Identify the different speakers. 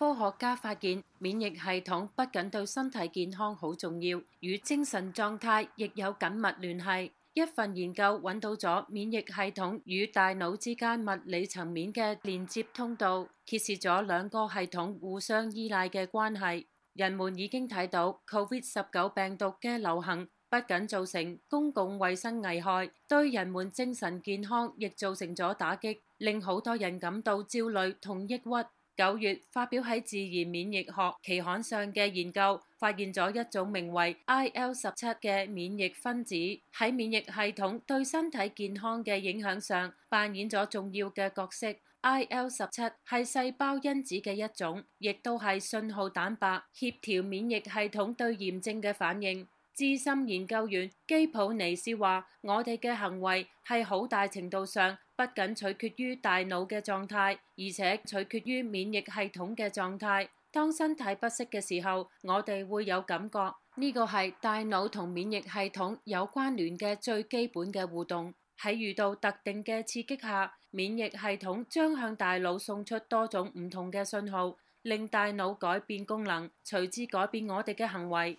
Speaker 1: 科學家發現，免疫系統不僅對身體健康好重要，與精神狀態亦有緊密聯繫。一份研究揾到咗免疫系統與大腦之間物理層面嘅連接通道，揭示咗兩個系統互相依賴嘅關係。人們已經睇到，COVID-19 病毒嘅流行不僅造成公共衛生危害，對人們精神健康亦造成咗打擊，令好多人感到焦慮同抑鬱。九月發表喺《自然免疫學》期刊上嘅研究，發現咗一種名為 IL 十七嘅免疫分子，喺免疫系統對身體健康嘅影響上扮演咗重要嘅角色。IL 十七係細胞因子嘅一種，亦都係信號蛋白，協調免疫系統對炎症嘅反應。資深研究員基普尼斯話：我哋嘅行為係好大程度上，不僅取決於大腦嘅狀態，而且取決於免疫系統嘅狀態。當身體不適嘅時候，我哋會有感覺，呢個係大腦同免疫系統有關聯嘅最基本嘅互動。喺遇到特定嘅刺激下，免疫系統將向大腦送出多種唔同嘅信號，令大腦改變功能，隨之改變我哋嘅行為。